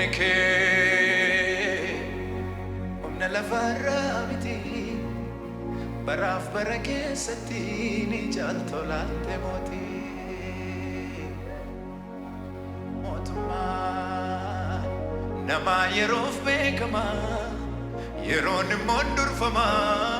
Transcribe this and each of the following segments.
humni kee humna lafarraa miti baraaf bara keessatti ni jaaltolaatte mootii mootummaa namaa yeroof beekamaa yeroon immoo durfamaa.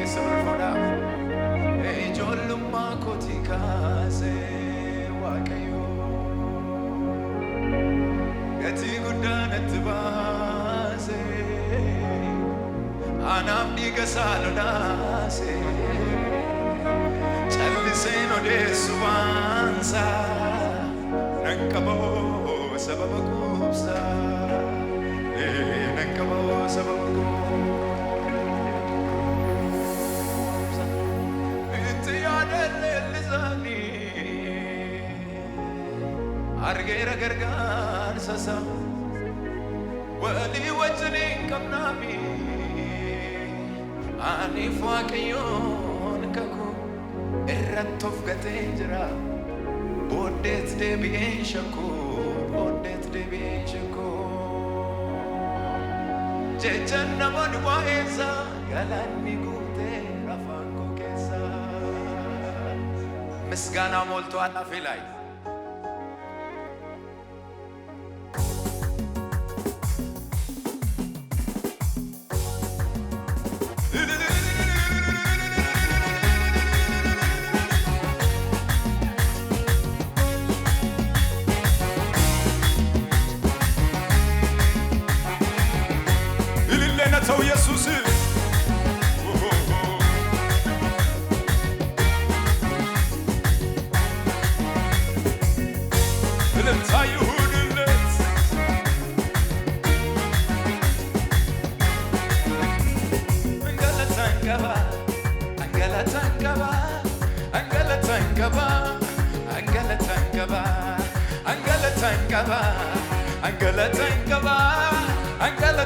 che sorbona e ijollummaa kooti kaasee waaqayyoo gatii guddaa natti baasee anaaf dhiiga isaa lolaasee calliseen odeessu baansaa nan qaboo sababa quubsaa nan qaboo sababa quubsaa. lelezani argeera gargaarsasa walii wajjiniin qabnaami aniif waaqayyoon kaku irratti of gatee jira booddeet deebi'een shakku booddeet deebi'een shakku jechan namoonni waa'eessa galaanni guu ምስጋና ሞልቷል አፌ ላይ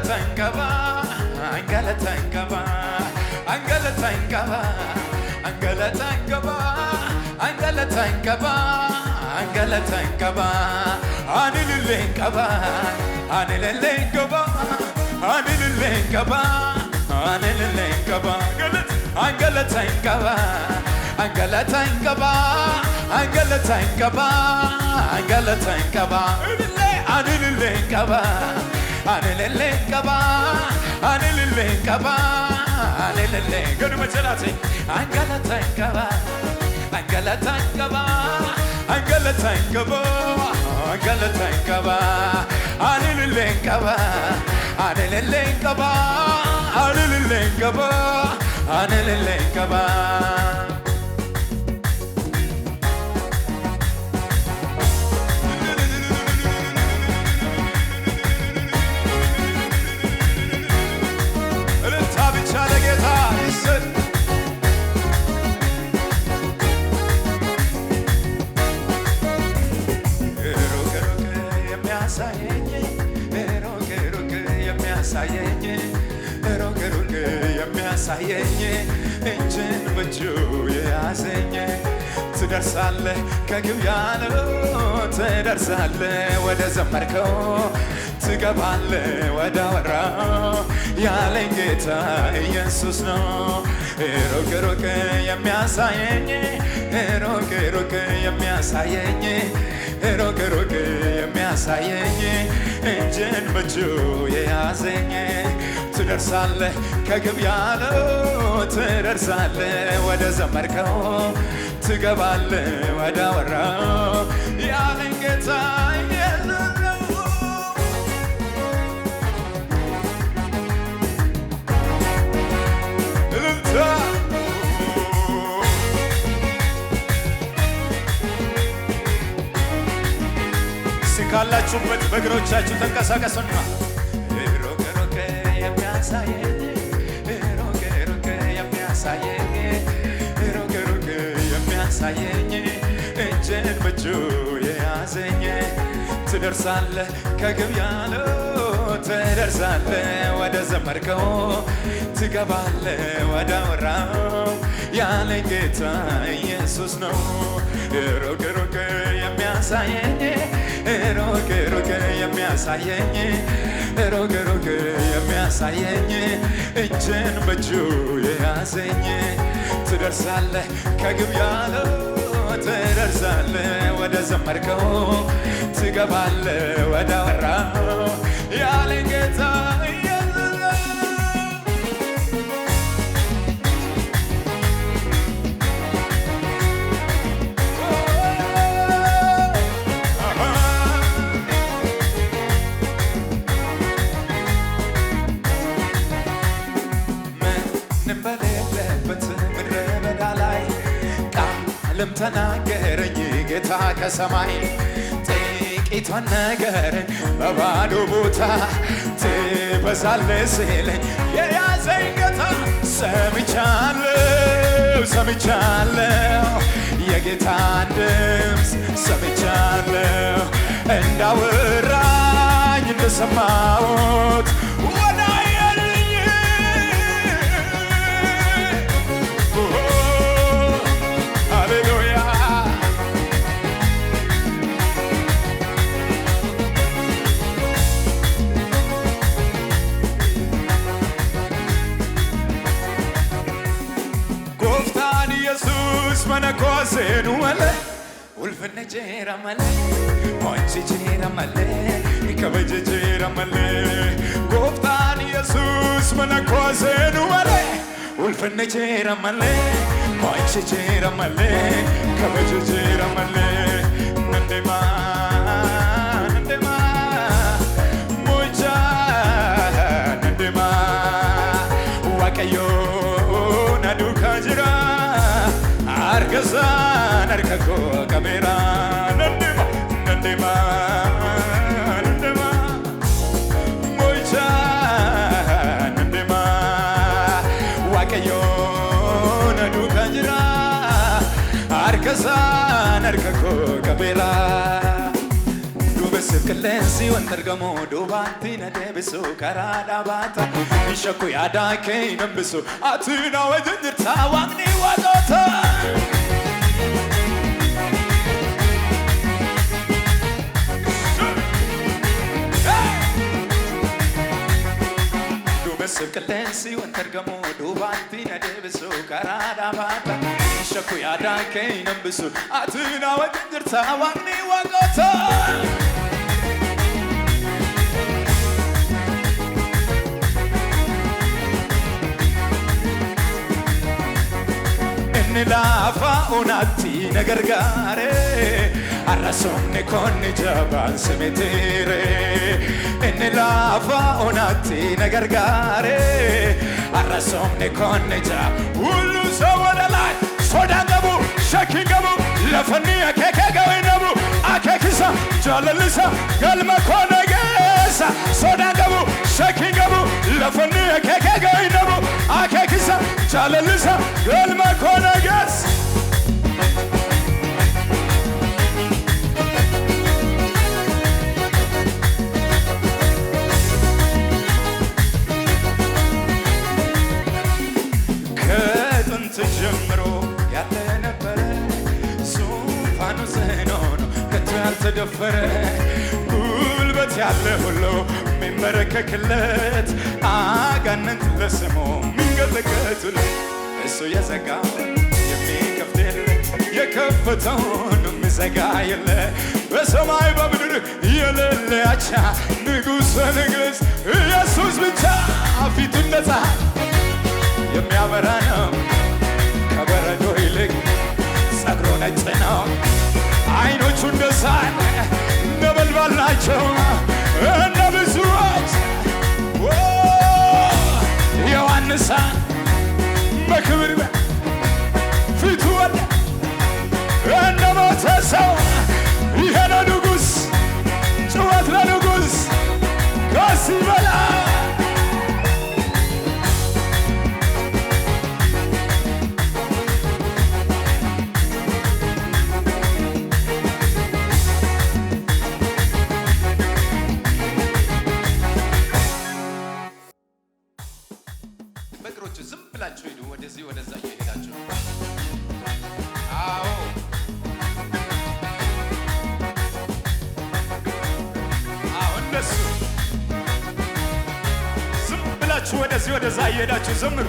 አንገለተንገባ አንገለተንገባ አንገለተንገባ አንገለተንገባ አንገለተንገባ አንገለተንገባ አንልልንገባ አንልልንገባ አንልልንገባ አንልልንገባ አንገለተንገባ አንገለተንገባ አንልልንቀባ አንልልንቀባ አንልልንቀባ ትደርሳለ ከግብ ያለው ትደርሳለ ወደ ዘመርከው ትገባለ ወደ ወራ ያለኝ ጌታ ኢየሱስ ነው። ሩቅ ሩቅ የሚያሳየኝ ሩቅ ሩቅ የሚያሳየኝ ሩቅ ሩቅ የሚያሳየኝ እጅን በእጁ የያዘኝ ትደርሳለ ከግብ ትደርሳለ ወደ ዘመርከው ትገባለ ወዳወራ አወራው ያለኝ ጌታ የለም። እልልታ ሲካላችሁበት በእግሮቻችሁ ተንቀሳቀሱና ሮቅ ሮቅ የሚያሳየኝ ሮቅ ሮቅ የሚያሳየኝ ያሳየኝ እጅን በእጁ የያዘኝ ትደርሳለህ ከግብ ያለ ትደርሳለ ወደ ዘመርከው ትገባለ ወደ አወራው ያለ ጌታ ኢየሱስ ነው ሩቅ ሩቅ የሚያሳየኝ ሩቅ ሩቅ የሚያሳየኝ ሩቅ ሩቅ የሚያሳየኝ እጅን በእጁ የያዘኝ ትደርሳለ ከግብ ያለው ትደርሳለህ ወደ ዘመርከው ትገባለህ ወደ አወራው ያለኝ ጌታ ሲልም ተናገረኝ ጌታ ከሰማይ ጥቂቷን ነገረኝ በባዶ ቦታ ትበዛለ ሲለኝ የያዘኝ ጌታ ሰምቻለሁ ሰምቻለሁ የጌታን ድምፅ ሰምቻለሁ እንዳወራኝ እንደሰማው ጀጀራመለ ዋንቺ ጀራመለ ከበጀ ጀራመለ ጎፍታን ኢየሱስ መነኮሴኑ በለ ውልፍነ ጀራመለ ዋንቺ ጀራመለ ከበጀ ጀራመለ ነንዴማ gattargamo dubaatti na deebisu karaa dhaabaa tokko ishakku yaadaa kee hin hambisu ati na wajjin jirta waaqni waaqota. Duumessuuf qilleensi wanta argamu dubaatti na deebisu karaa dhaabaa tokko ishakku yaadaa kee hin hambisu ati na wajjin jirta waaqni waaqota. lafa onatti nagargaare arrasoonni konni jabaan simitiire inni lafa onatti nagargaare arrasoonni konni jabaan ሁሉ ሰው ወደ ላይ ሶዳን ገቡ ሸኪን ገቡ ለፈኒ አኬከ ገዊ ነቡ አኬክሳ ጃለልሳ ገልመኮ ነገሳ ሶዳ ያከበረ ጉልበት ያለ ሁሉ የሚንበረከክለት አጋንንት ለስሙ የሚንገለገቱለት እሱ የዘጋ የሚከፍት የለ የከፈተውን የሚዘጋ የለ በሰማይ በምድር የሌለ አቻ ንጉሠ ነገሥት ኢየሱስ ብቻ ፊቱ እንደ ፀሐይ የሚያበራ ነው ከበረዶ ይልቅ ጸጉሩ ነጭ ነው አይኖቹ እንደ ሳት ነበልባል ናቸው እንደ ብዙዎች ዮሐንስ በክብር እያላችሁ ወደዚህ ወደዛ እየሄዳችሁ ዘምሩ።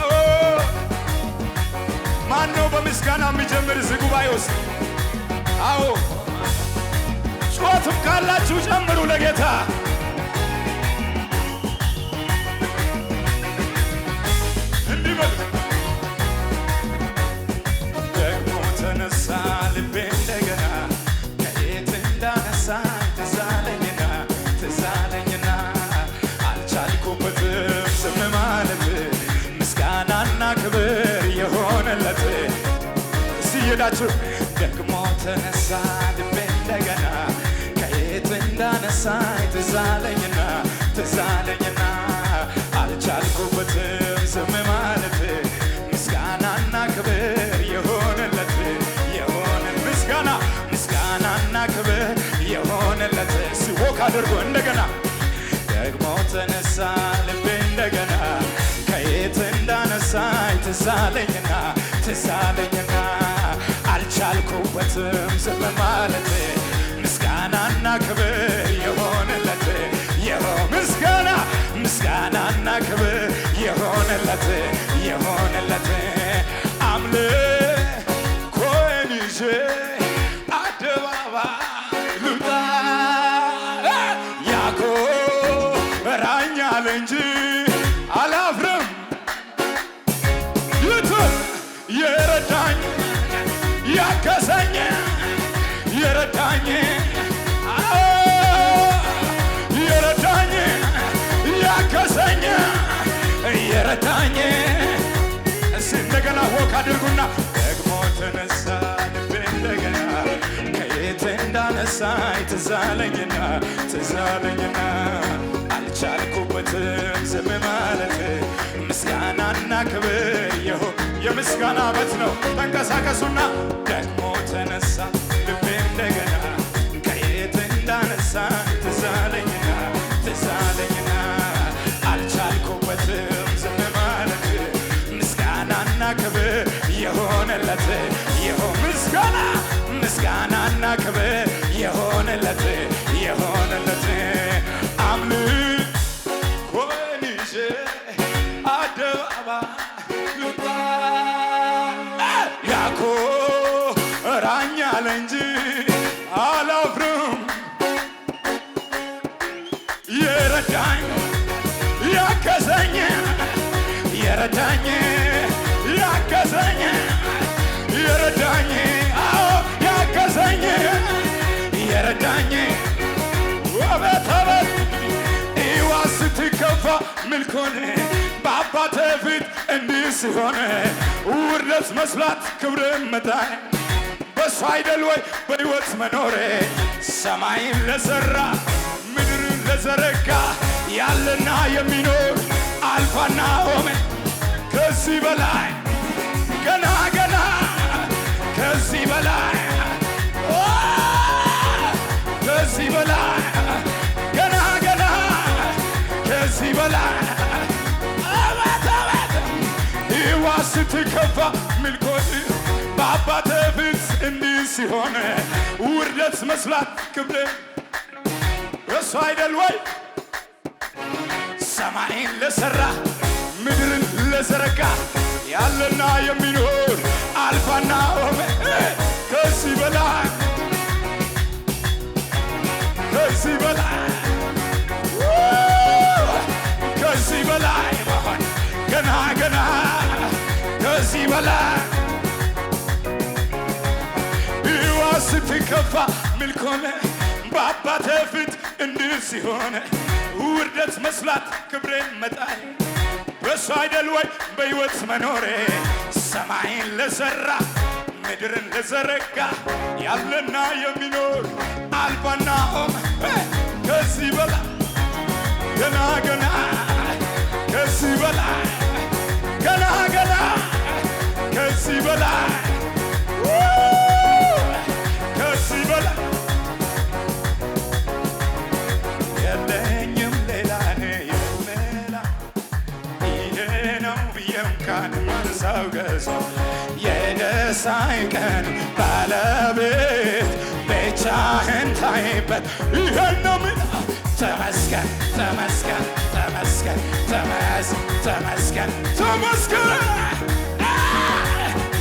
አዎ ማን ነው በምስጋና የሚጀምር እዚህ ጉባኤ ውስጥ? አዎ ጩኸትም ካላችሁ ጨምሩ ለጌታ እጃችሁ ደግሞ ተነሳ ልቤ እንደገና ከየት እንዳነሳኝ ትዝ አለኝና ትዝ አለኝና አልቻልኩበትም ዝም ማለት ምስጋናና ክብር የሆነለት የሆነን ምስጋና ምስጋናና ክብር የሆነለት ሲወክ አድርጎ እንደገና ደግሞ ተነሳ ልቤ እንደገና ከየት እንዳነሳኝ ትዝ አለኝና ስም ዝም ማለት ምስጋናና ክብር የሆነለት ምስጋና ምስጋናና ክብር የሆነለት የሆነለት አምልኮን አደባባይ እንጂ የረዳኝ የረዳኝ ያከሰኝ የረዳኝ አድርጉና ደግሞ ተነሳ ከየት እንዳነሳኝ ትዛለኝና ትዛለኝና አልቻልኩበትም ዝም ማለት ምስጋናና ክብር የምስጋና በት ነው። ተንቀሳቀሱና አለ እንጂ አላፍርም። የረዳኝ ያገዘኝ የረዳኝ ያገዘኝ የረዳኝ አዎ ያገዘኝ የረዳኝ ወበተበት ኢዋ ስትከፋ ምልኮን በአባተ ፊት እንዲህ ሲሆነ ውርደት መስላት ክብር መጣ በሱ አይደል ወይ በሕይወት መኖሬ ሰማይን ለሠራ ምድርን ለዘረጋ ያለና የሚኖር አልፋና ኦሜን ከዚህ በላይ ገና ገና ከዚህ በላይ ከዚህ በላይ ገና ገና ከዚህ በላይ አባት አባት ይዋ ስትከፋ ምልኮት በአባተ ፊት እንዲህ ሲሆን ውርደት መስላት ክብር እሱ አይደል ወይ? ሰማይን ለሠራ ምድርን ለዘረጋ ያለና የሚኖር አልፋና ኦሜ ከዚህ በላይ ከዚህ በላይ ከዚህ በላይ ገና ገና ከዚህ በላይ ከፋ ምልክ ሆነ በአባተ ፊት እንዲህ ሲሆን ውርደት መስላት ክብሬን መጣል በሱ አይደል ወይ በሕይወት መኖሬ ሰማይን ለሠራ ምድርን ለዘረጋ ያለና የሚኖር አልፋና ኦሜጋ ከዚህ በላይ ገና ገና ከዚህ በላይ ገና ገና ከዚህ በላይ ተገዞ የደስታዬ ቀን ባለቤት ብቻህን ታይበት ይሄነው ምን ተመስገን ተመስገን ተመስገን ተመስ ተመስገን ተመስገን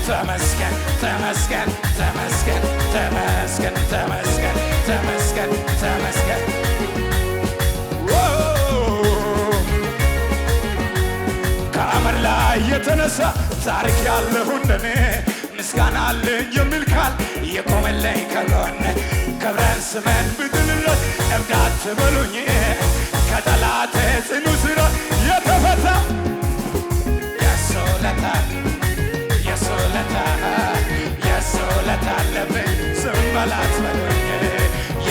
ተመስገን ተመስገን ተመስገን ተመስገን ተመስገን የተነሳ ታሪክ ያለሁን እኔ ምስጋና አለኝ የሚል ቃል የቆመለኝ ከሎን ክብረን ስመን ብድልለት እብዳት በሉኝ ከጠላት ጽኑ ስራ የተፈታ የሶለታ የሶለታ የሶለታ ለብ ስመላት በሉኝ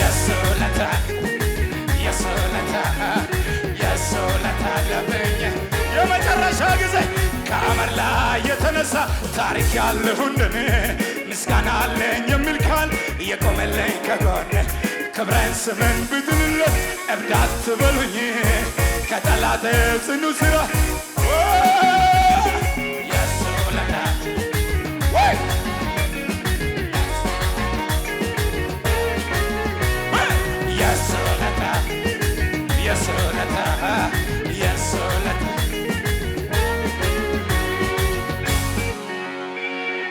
የሶለታ የሶለታ የሶለታ ለብኝ ለመጨረሻ ጊዜ ከአመር ላይ የተነሳ ታሪክ ያለሁ እንደኔ ምስጋና አለኝ የሚል ቃል እየቆመለኝ ከጎን ክብረን ስምን ብትልለት እብዳት አትበሉኝ ከጠላቴ ጽኑ ስራ የሱ ለታ የሱ ለታ